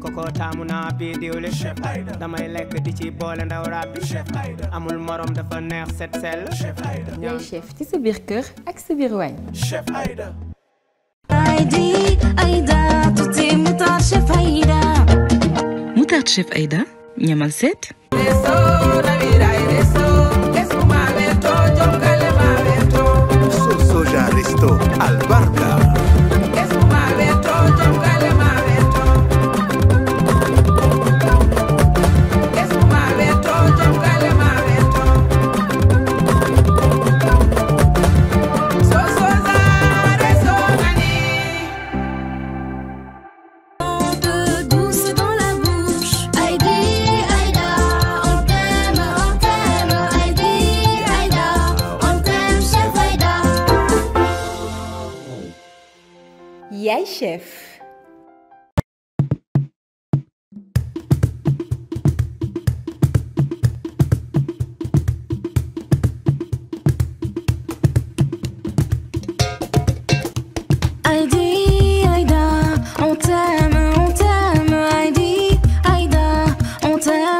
koko taamu le chef diwli damay lek di ci ndaw bi amul morom dafa neex set chef ci sa biir kër ak sa wañ chef Aïda Mutar chef Aïda ñamal mal soja albarka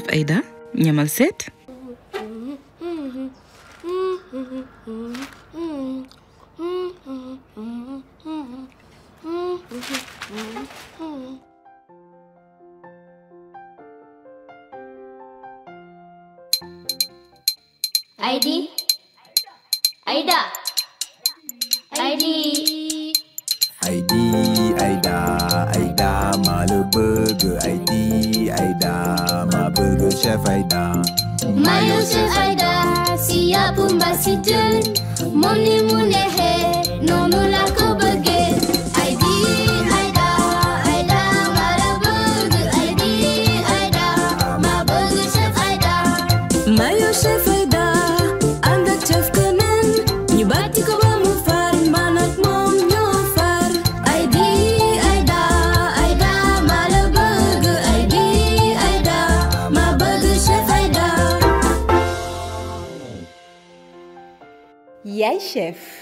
chef Aïda, Nyamal 7. ID Aida ID ID Aida Aida Malberg ID Aida burger chef Aïda. Mayo chef Aïda, si ya pumba si jël, moni mu nexe, la chef.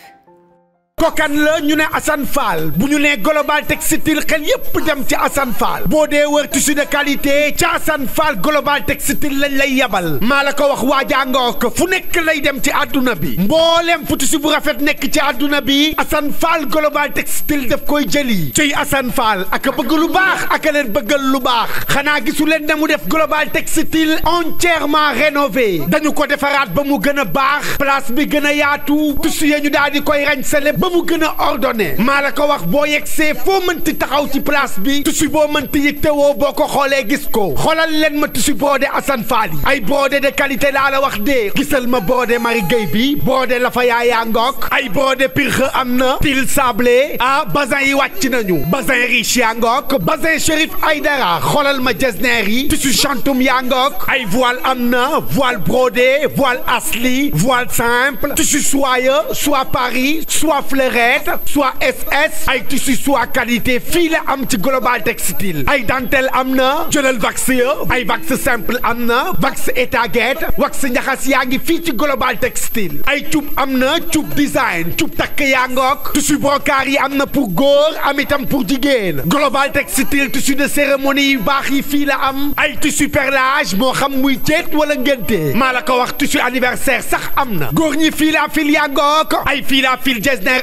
kokan la ñu ne Assane Fall bu ñu nee global textile xel yépp dem ci Assane Fall boo dee wër tissu de qualité ca Assane Fall global textile lañ lay yabal maa la ko wax waajangook fu nekk lay dem ci àdduna bi mboolem fu bu rafet nekk ci àdduna bi Assane Fall global textile daf koy jëli ciy Assane Fall ak bëgg lu baax ak leen bëggal lu baax xanaa gisu leen na mu def global textile entièrement rénové dañu ko defaraat ba mu gën a baax place bi gën a yaatu tissu ya ñu daal di koy rañ sa ba gëna ordonné maa ko wax boo yegsee foo mënti taxaw ci place bi tissu boo mënti yittewoo boo boko xolé gis ko xolal leen ma tissu brodé Assane Fall ay brodé de qualité la la wax dé gisal ma brodé Marie Gueye bi brodé la fa yaayaa ngook ay brodé pirxe amna, til sablé a bazin yi wàcc nañu bazin riche yaa ngook bazin Chérif aydara xolal ma jesner yi tissu chantum yaa ngook ay voile amna voile brodé voile asli voile simple tissu soyeux soit Paris soit fleurette soit SS ay tissu soit qualité fil am global textile ay dentelle amna je vaxio wax vax ay simple amna vax wax vax wax pas yaa global textile ay tub amna na design tub take yangok, tu tissu brocari amna pour gore, amitam pour digain. global textile tissu de cérémonie yu fil yi am ay tissu perlage mon xam muy ou wala ngénte maa tissu anniversaire sax amna Gourni fil fil yaa fil jesner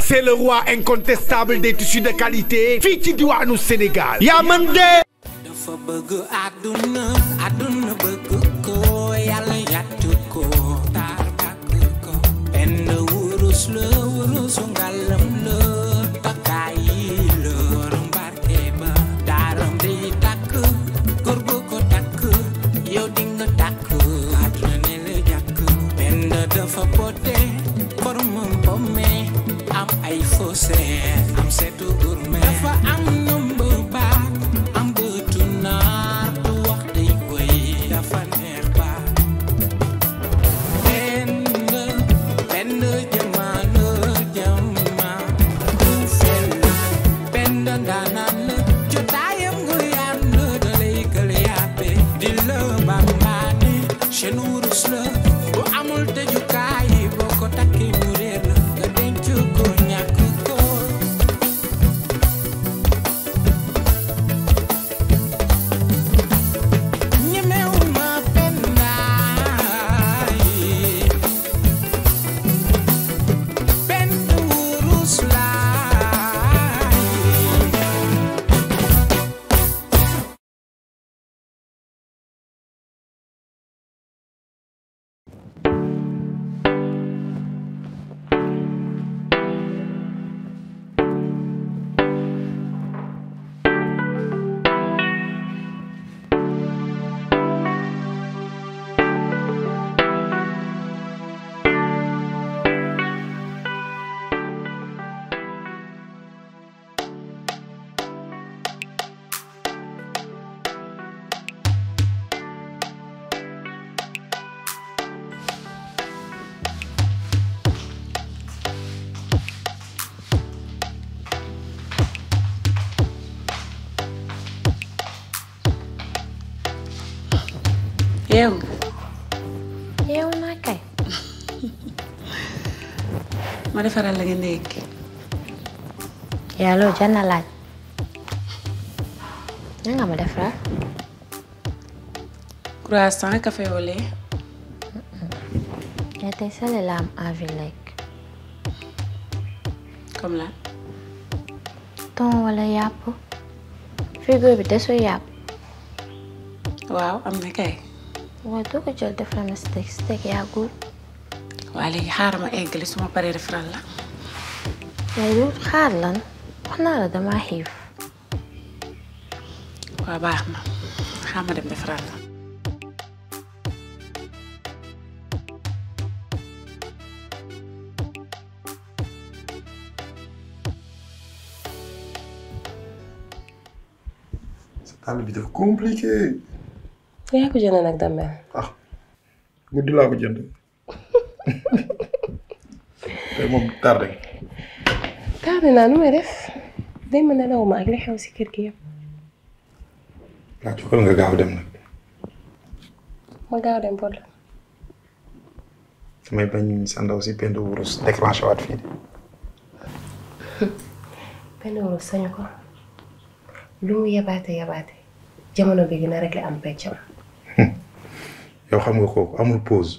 c'est le roi incontestable des tissus de qualité. Fiti au Sénégal. Yamande. defaral la nga ndékki yaa loolu jar na na nga ma defaral croissant café au lait yaa e tey sale la am envie comme la thon wala yàpp frigo bi desul yàpp waaw am na kay waaye doo ko jël defaral ma steak steak yaa guur waaye léegi xaaral ma eggali su ma paree defaral la. waaye yow xaar lan wax naa la damaa xiif. waaw baax na xaaral ma dem defaral la. àll bi dafa compliqué. yaa ko jënd nag Dambel. ah guddi laa tey moom tardé. tardé naa def démb nelaw ma ak li xew si kër gi yëpp. ndax jugal nga gaaw dem nag. ma gaaw dem bon la. damay bañ sa ndaw si benn wurus déclenché waat fii de. benn wurus sañu ko lu mu yabaate yabaate jamono bi gën a rek la am peccam. yow xam nga ko amul pause.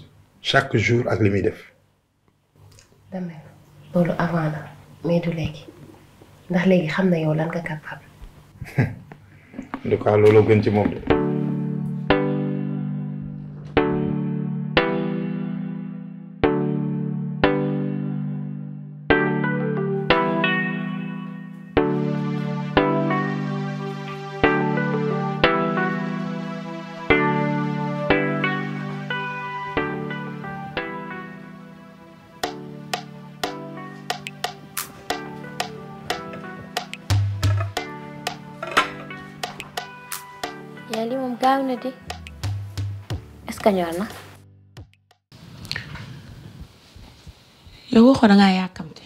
chaque jour ak li muy def. damay loolu avant la mais du léegi ndax léegi xamna yow lan nga capable. en tout cas looloo gën ci mom de. kañuwal ma. yow waxoo da ngaa yàkkamti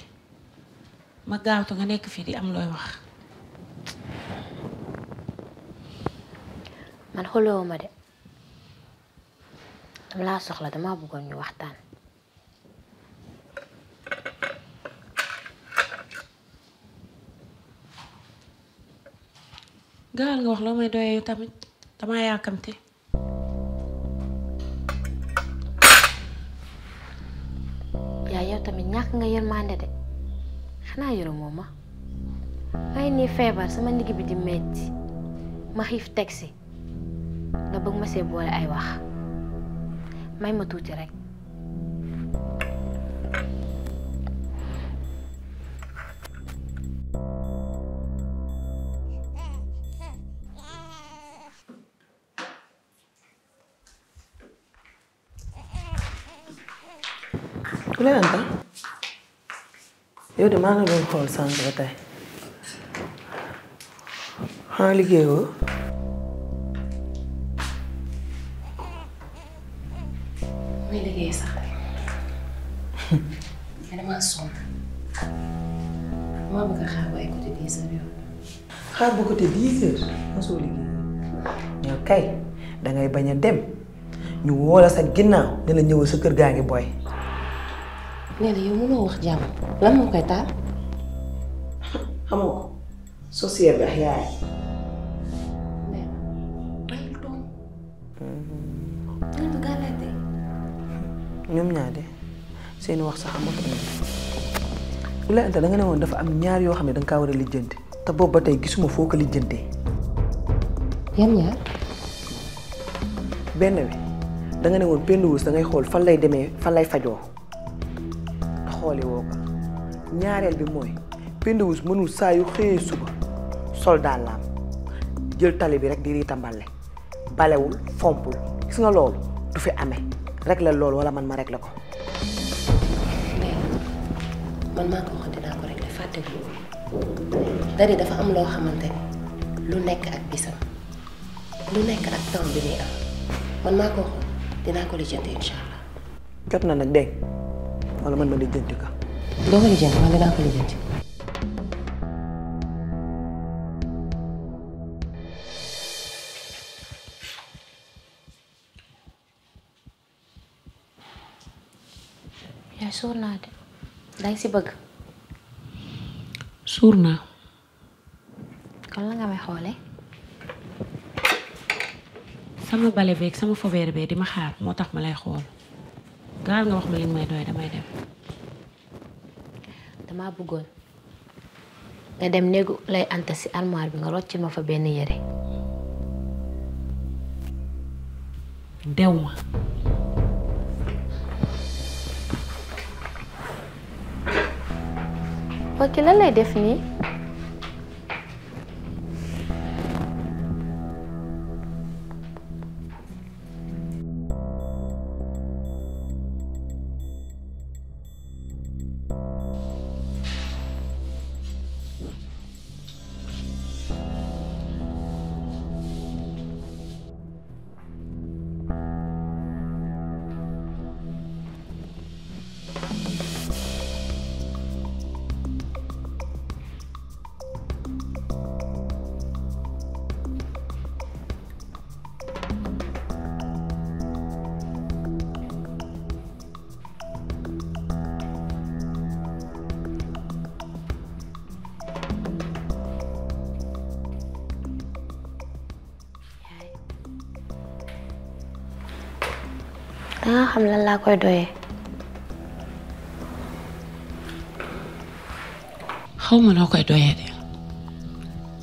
ma gaawtu nga nekk fii di am looy wax. man xuloo ma de dama laa soxla damaa bëggoon ñu waxtaan. gaawal nga wax loo may doyee tamit dama yàkkamti. ñàkk nga yërmande de xanaa yërëmoo ma waaye ni feebar sama ndigg bi di metti ma xiif teg si nga bëgg ma see boole ay wax may ma tuuti rekk yow de maa ngi doon xool sànq ba tey xanaa liggéeyoo. xaar ba ay côté dix yow. xaar ba côté dix heures mosoo liggéey yow kay da bañ a dem ñu woo la sa ginnaaw ne la sa kër gaa ngi booy. nee na yow mënoo wax jàmm lan moo koy taal. xamoo ko société bi ak yaay. ñoom ñaar de seen wax sax amatu na bu la da nga ne woon dafa am ñaar yoo xam ne da nga kaa war a lijjanti te boobu ba tey gisuma foo ko lijjantee. yan ñaar. benn bi da nga ne woon penduwus da ngay xool fan lay demee fan lay fajoo. xooli woo ko ñaareel bi mooy Pendawus mënul saa yu xëyee suba sol jël tali bi rek di riitambale balewul fompul gis nga loolu du fi amee rek la loolu wala man ma rek la ko. man maa ko waxoon dinaa ko rek la fàtte dadi dafa am loo xamante ni lu nekk ak bisam lu nekk ak temps bi muy am man maa ko waxoon dinaa ko lijjanti incha allah. jot na nag dégg मला मनमध्ये जयंती का दोघं लिजन मला दाखव लिजनची या सोनार जायचे बघ Surna. Kalau nggak mau hole? Sama balai sama fover be, di mahar, mau tak hole. gaal nga wax ma yéen may doy damay dem. damaa bëggoon nga dem néegu lay anta armoire bi nga rocc ma fa benn yére. dew ma. wakki lan lay def nii. xam laa koy doyee. xaw ma loo koy doyee de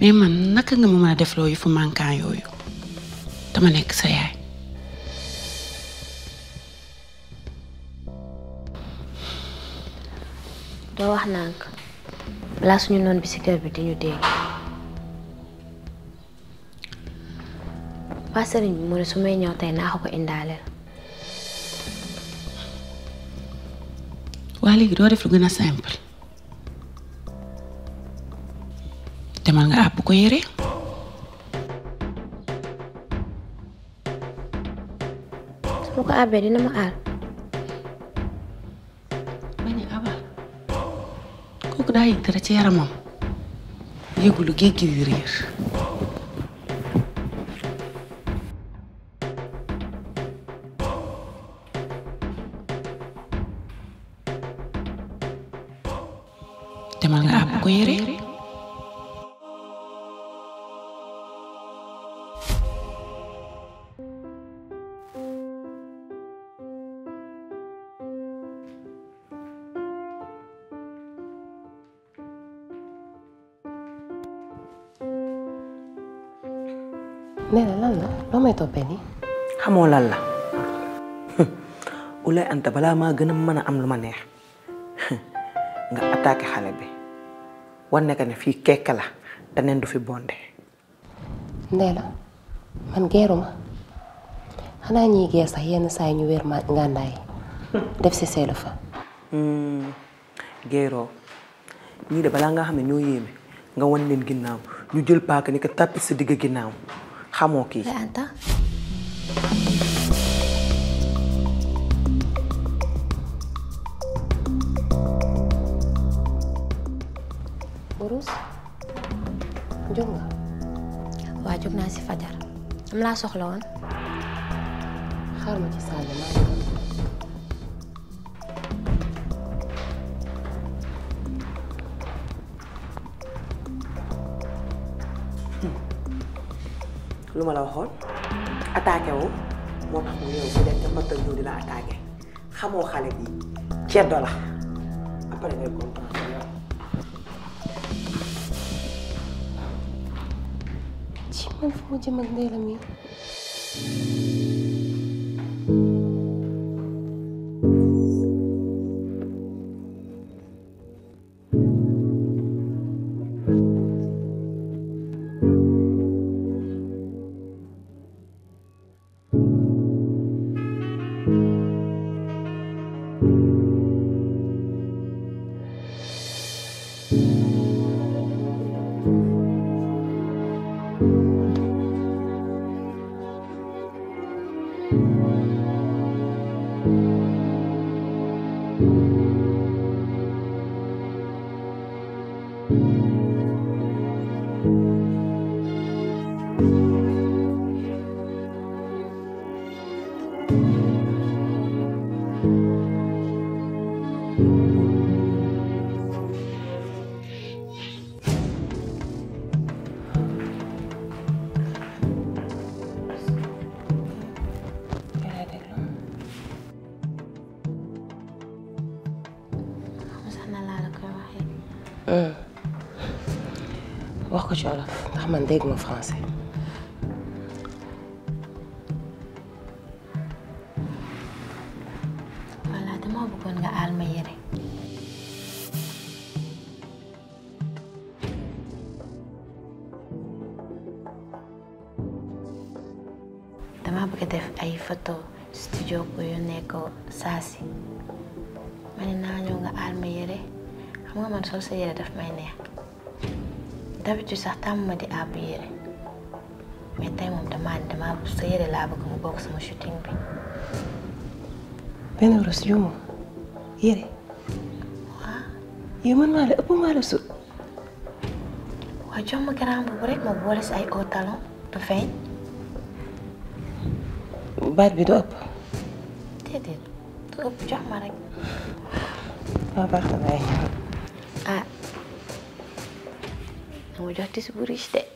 mais man naka nga ma mën a def loo yu fu manquant yooyu dama nekk sa yaay. doo wax nànk balaa suñu noon bi si kër bi di ñu dégg waa sëriñ mu ne su may ñëw tey naa ko ko indaaleel waa léegi doo def lu gën a nga àbb ko yére su ma ko àbbee dina ma aar bañ a abal kooku daa yëg dara ci yaramam yëgulu géej gi di لا لا لا لو ما يتوبيني هم ولا لا ولا أنت بلا ما جنم منا أمل nga attaqué xalé bi fi kekala la du fi bonde. ndela man géruma xana ñi gé sax yenn say ñu wër ma nganday def ci hmm gero. ñi de balanga nga xamné ñoo yéme nga won leen ginnaw ñu jël paaka ni tapis ci ginnaw xamoo kii. Anta. Boros jóg nga. waa jóg naa si fajar. am laa soxla woon. xaar ma ci salle ma la waxoon attaqué wu moo tax mu yow Je dem ca mbëttal ñëw di la attaqué xamoo xale bi ceddo la après ngay comprendre yow. ci man fu ma jëm ko ci wolof ndax man dégg ma français voilà dama bëggoon nga aal studio ko yónnee ko saa si ma ne naa ñëw nga aal ma d'habitude sax tàmm ma di àbb yére mais tey moom damaa ne damaa sa yére laa mu bokk sama shooting bi. benn rus yu moom yére. waaw. la ëpp la sut. waaw jox ma grand boobu rek ma boole si ay haut talon du feeñ. baat bi du ëpp. déedéet jox ma rek. Oh, dah ada sebuah hashtag.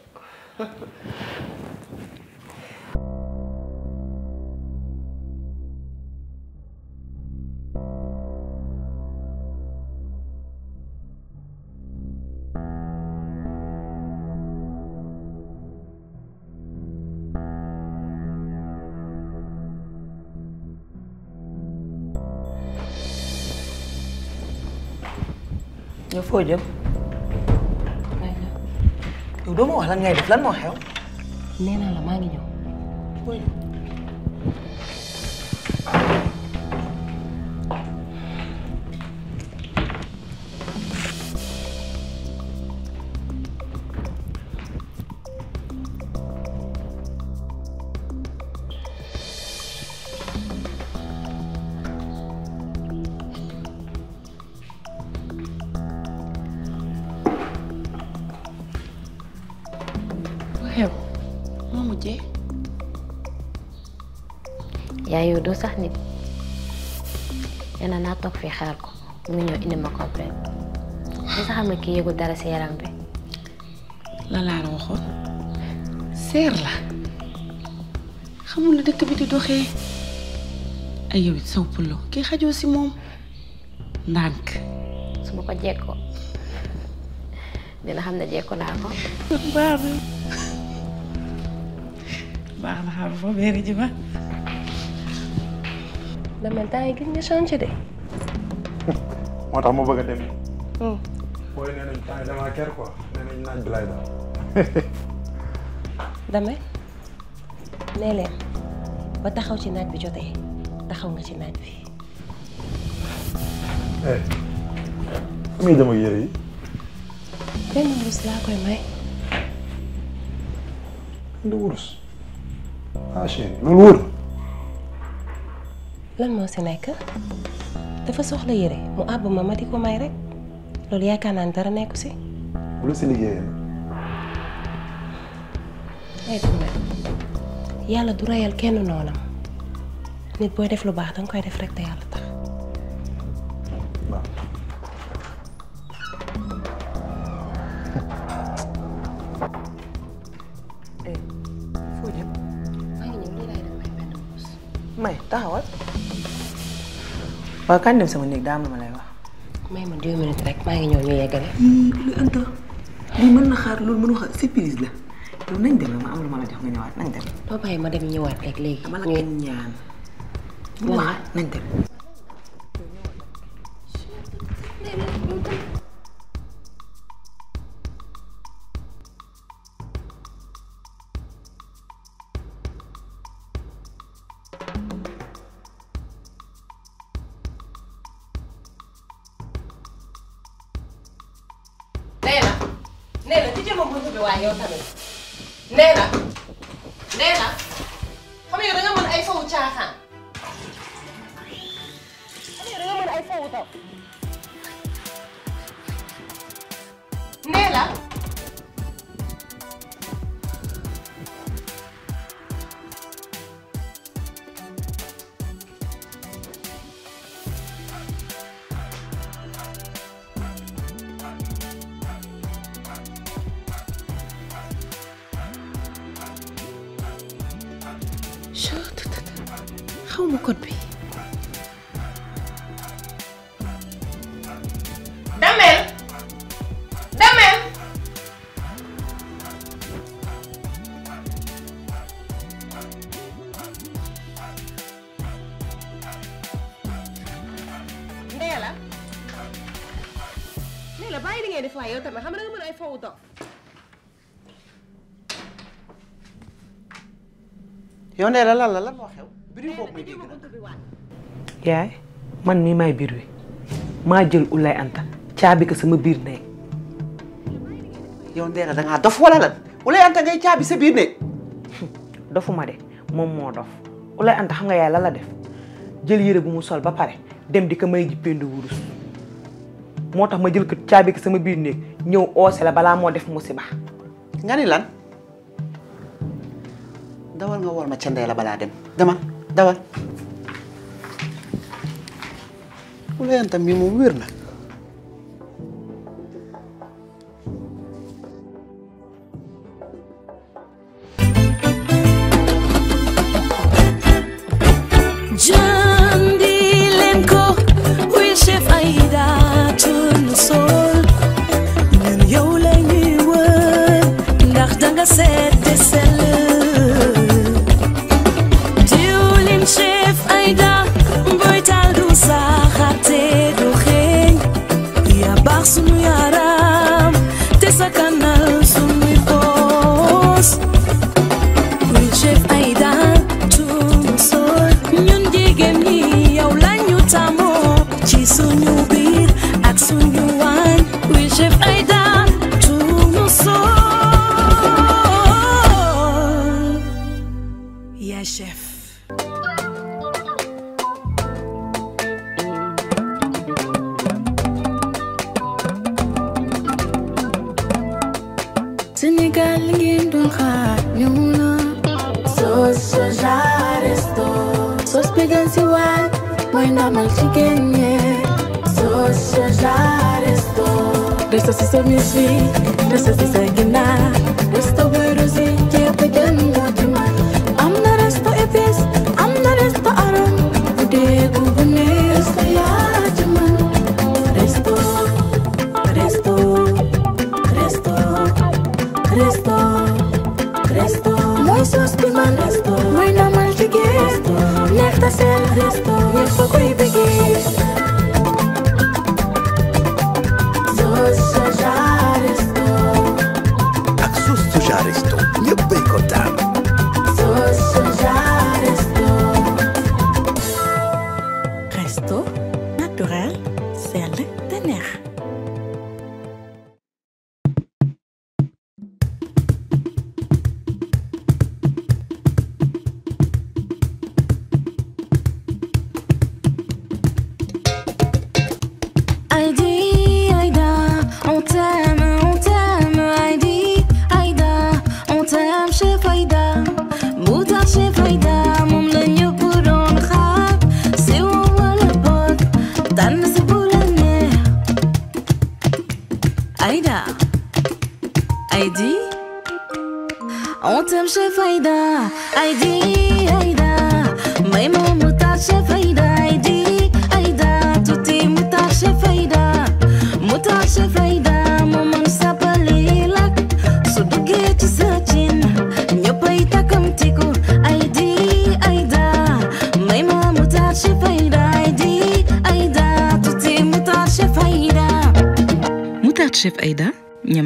Your Đúng rồi, là ngày được lắm rồi Hảo nên là làm ngày nhỏ Ui waaye yow doo sax nit nee na naa toog fii xaar ko mu ñëw indi ma complet li nga xam ne kii yëgul dara si bi. la laa la seer la xamul na dëkk bi di doxee kii xajoo si moom ndànk. su ma ko dina xam ne jekku naa ko. baax na baax na xam nga foofu damel temps yi gis nga changé de. moo tax ma bëgg a dem. booy nee nañ temps yi ker quoi nee naaj bi laay daal. damel nee ba taxaw ci naaj bi jotee taxaw nga ci naaj bi. eh fu muy dem ak yére yi. benn wurus laa koy may. benn wurus. ah chérie loolu wóor. lan moo si nekk dafa soxla yére mu àbb ma ma di ko may rek loolu yaakaar naa ni dara nekku si. bu la si liggéeyee yàlla du reyal kenn noonam nit booy def lu baax danga koy def rek te yàlla. waaw kan dem sama néeg daa am ma lay wax. may ma deux minutes rek maa ngi ñëw ñu yeggale. yii lu Anta lii na xaar loolu mën wax surprise la loolu nañ dem ma am lu ma la jox nga ñëwaat nañ dem. doo bàyyi ma dem ñëwaat rek léegi. dama la ñaan. nañ dem. ma ya, man mii maay biir wi maa jël ulay anta caabi ko sama biir néeg yow ya, Ndella dangaa dof wala lan ulay anta ngay caabi sa biir néeg hm, dofuma de moom moo dof ulay anta xam nga yaay la la def jël yére bu mu sol ba pare dem di ko may ji pendu wurus moo tax ma jël ko caabi ko sama biir néeg ñëw oose la balaa moo def musiba nga lan dawal nga wol ma ca ndey la balaa dem dama dawal. wala yéen tam bii moom wér na.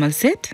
demal seet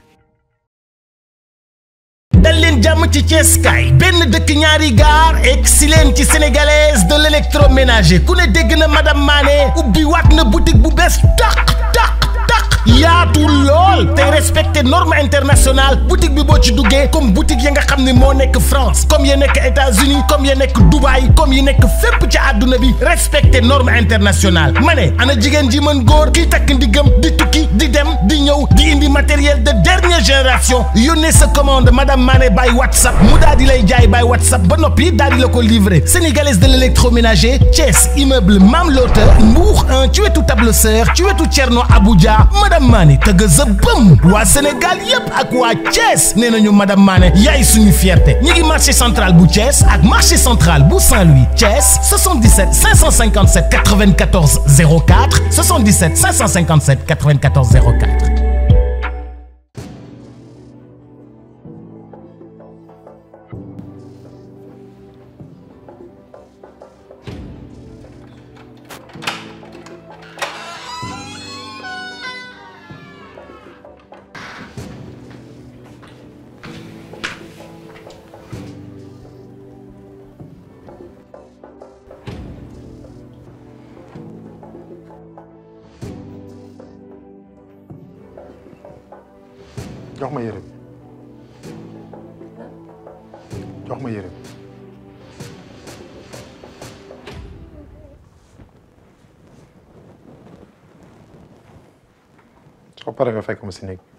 leen jàmm ci Ceeskaay benn dëkk ñaari gaar egsi leen ci sénégalaise de l'électroménager ku ne dégg na madame Mané ubbi waat na boutique bu bees tàq tàq tàq Y'a tuur l'ol, te respecté norme internationale boutique bi bo ci duggee comme boutique ya nga xam ne France comme yé nek États-Unis comme yé nek Dubaï comme yé nek fépp ci aduna bi respecté norme internationale Mané, ana jigen ji man góor ki tak ndigam di tukki di dem di ñew di indi matériel de dernière génération yone sa commande madame Mané bay WhatsApp mu daal di lay jaay bay WhatsApp ba nopi daal di la ko livré sénégalaise de l'électroménager Thiès immeuble Mam Loteur Mbour 1 ci wetu tableseur ci wetu Thierno Abuja madame Mané tëgg zëbëm waa Sénégal yépp ak waa Thiès nee nañu madame Mané yaay suñu fierté ñi gi marché central bu Thiès ak marché central bu Saint-Louis Thiès 77 557 94 04 77 557 94 jox ma yére bi jox ma yére bi soo paree nga fekk ma si néeg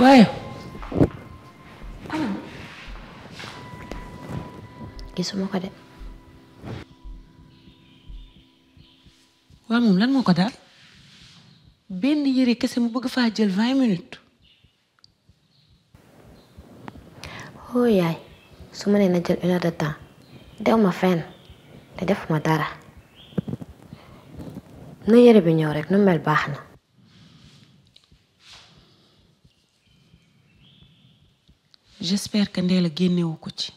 waaye gisuma ko de waa moom lan moo ko daal benn yére kese mu bëgg faa jël vingt minutes oo oh, yaay su ma nee na jël une heure de temps dew ma fenn te defuma dara na yére bi ñëw rek nu mel baax na j'espère que Ndéla génnewu ko ci.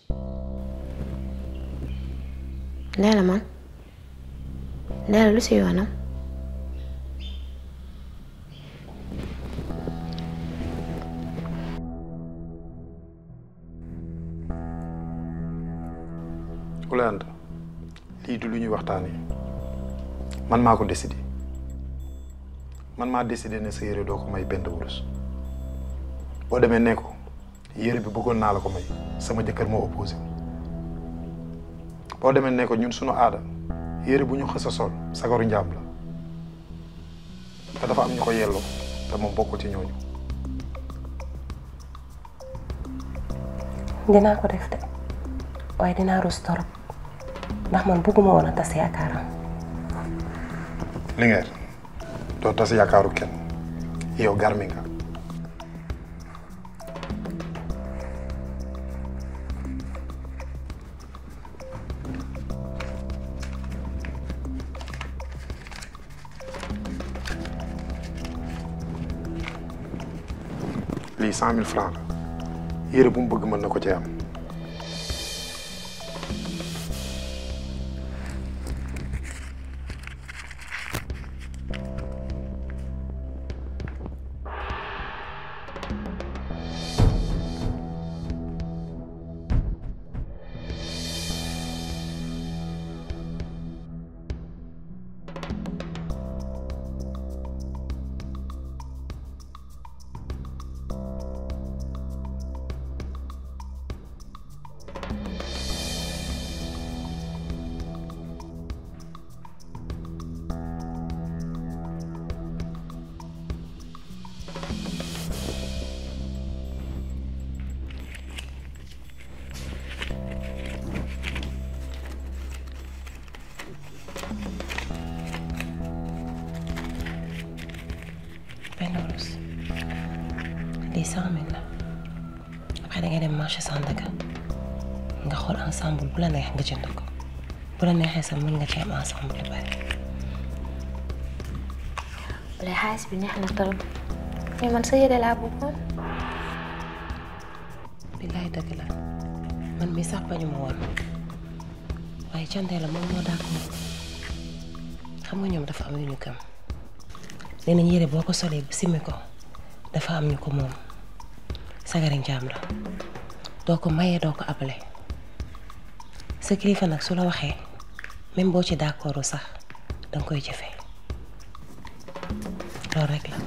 Ndéla man Ndéla lu si yoonam. Oulanda lii du lu ñuy waxtaanee man maa ko décidé man maa décidé ne sa yére doo ko may benn wurus boo demee ne yére bi bëggoon naa la ko may sama jëkkër moo opposé boo demee ne ko ñun suñu aada yére bu ñu xës a sol sagaru njaam la te dafa am ñu ko yelloo te moom bokku ci ñooñu dinaa ko def de waaye dinaa rus torop ndax man bëgguma woon a tas li ngeer doo tas yaakaaru kenn yow garmi cent mille francs la yére bu mu bëgg mën na ko cee am. Belli lii cent mille la après da ngay dem marché Sandaga nga xool ensemble bu la neex nga jënd ko bu la neexee sax mën nga ci am ensemble yu bari. wala bi neex na trop man sa yére laa bëggoon. billaay dëgg la man mi sax bañu ma woon moo dàq xam nga ñoom dafa am yu ñu gëm. nee nañ yére boo ko solee simmi ko dafa am ñu ko moom sagari njaam la doo ko mayee doo ko abale sa kilifa nag su la waxee même boo ci d'accordu sax danga koy jëfee loolu rek la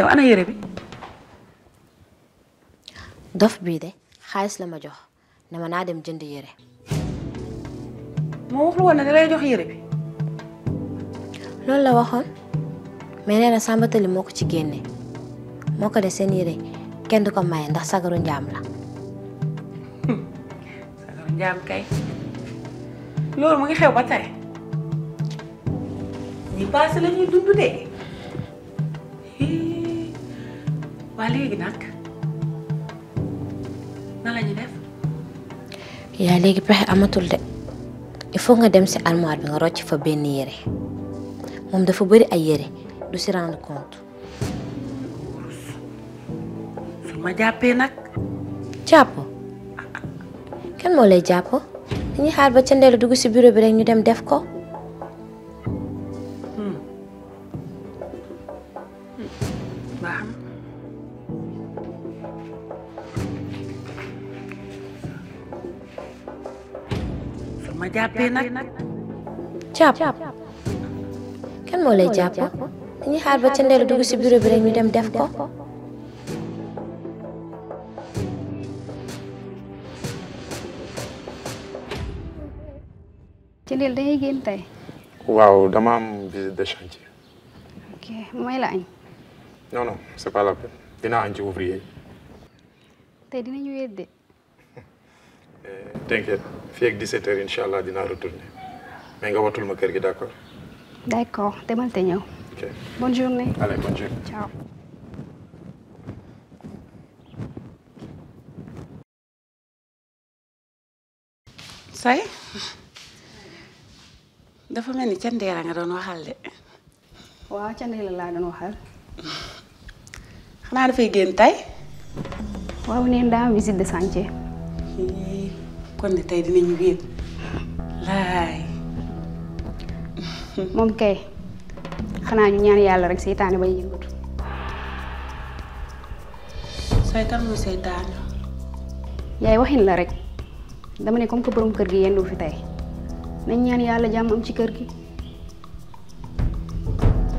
yow yére bi. dof bii de xaalis la ma jox ne ma naa dem jënd yére. moo waxul woon ne da lay jox yére bi. loolu la waxoon mais nee na sàmbatali moo ko ci génne moo ko de seen yére kenn du ko maye ndax sagaru njaam la. sagaru njaam kay loolu mu xew ba tey. ñi paase la ñuy dund de. léegi yaa léegi pexe amatul de il faut nga dem ci armoire bi nga rocc fa benn yére moom dafa bari ay yére du ci rendre compte. su ma jàppee nag. jàpp kenn moo lay jàpp dañuy xaar ba ca ndeelu dugg ci bureau bi rekk ñu dem def ko. Capek nak? Cap. Kan mulai cap. Ini har bachan dari dulu si biru brain medium def ko. Cilil deh gintai. Wow, damam visite de chantier. Ok, moi là. Non non, c'est pas la peine. Dina anji ouvrier. Eh. Te dina yedde. Eh, t'inquiète fii 17 heures Inch'Allah, je vais retourner mais nga watul ma gi d'accord. bonne journée. bonne journée. ciao. say dafa ni nga de. là, Je vais vous waxal. visite de santé. kon ne tey dinañu wéet laay. moom kay xanaa ñu ñaan yàlla rek seytaane ba yëngatu. saytaan mooy saytaan. yaay waxin la rek dama ne comme que borom kër gi yendu fi tey nañ ñaan yàlla jàmm am ci kër gi.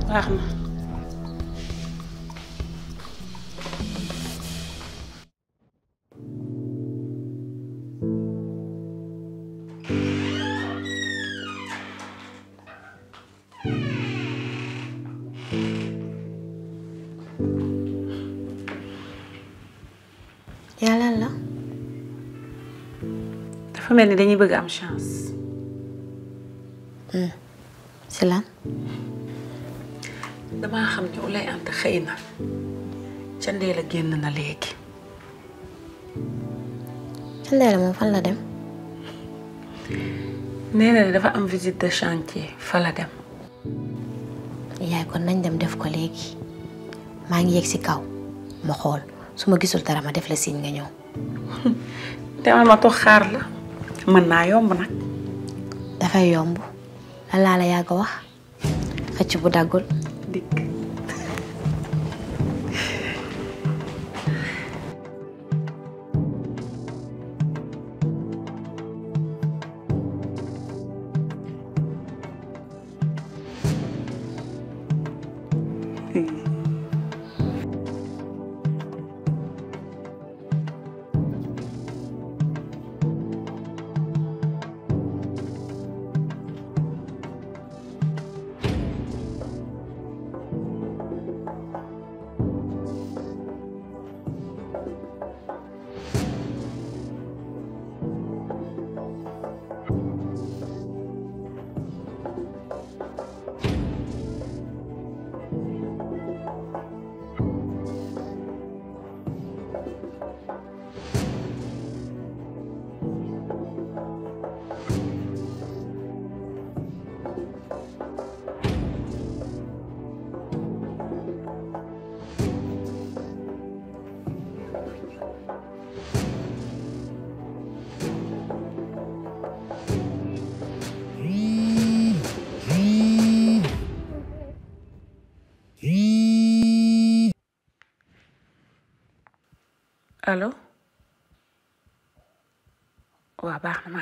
baax na. mel ni dañuy bëgg am chance. ci lan. damaa xam ne Ouleye Anta xëy na ca Ndéla génn na léegi. ca Ndéla moom fan la dem. nee na dafa am visite de chantier fa la dem. yaay kon nañ dem def ko léegi maa ngi yegg si kaw ma xool su ma gisul dara ma def la signe nga ñëw. demal ma toog xaar la. mën naa yomb na dafay yomb lan laa la yàgg wax xëcc bu daggul.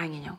모양인형.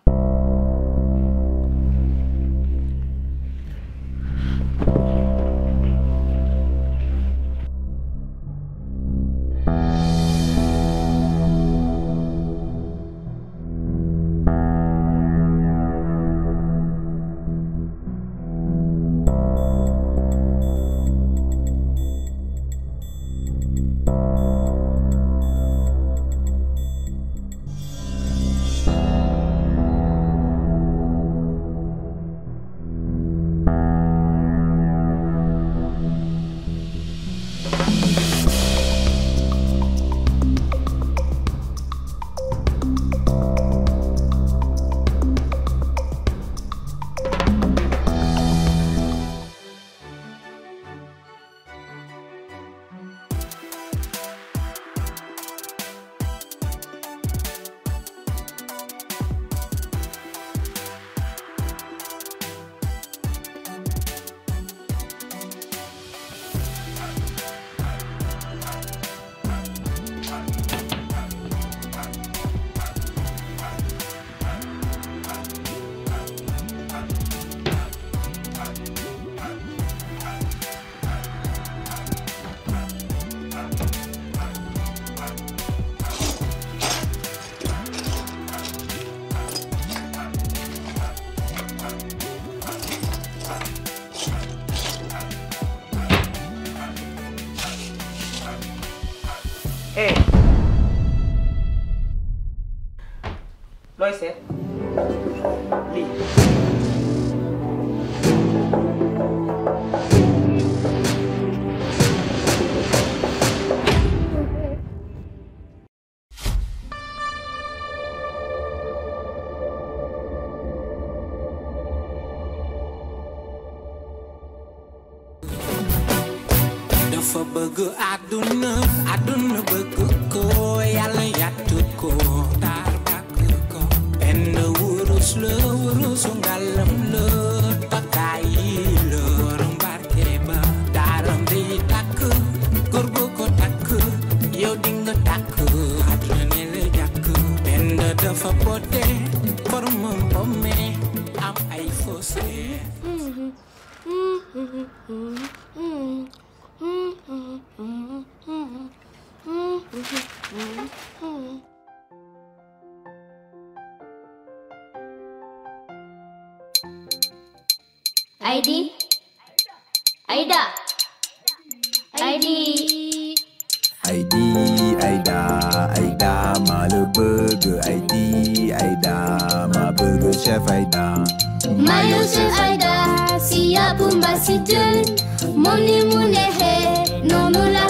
good I Aida. Aidi. Aidi, Aida, Aida, malu burger Aidi, Aida, ma burger chef Aida. Mayo chef Aida, siap ya pun basi jen, moni moni he, nomulah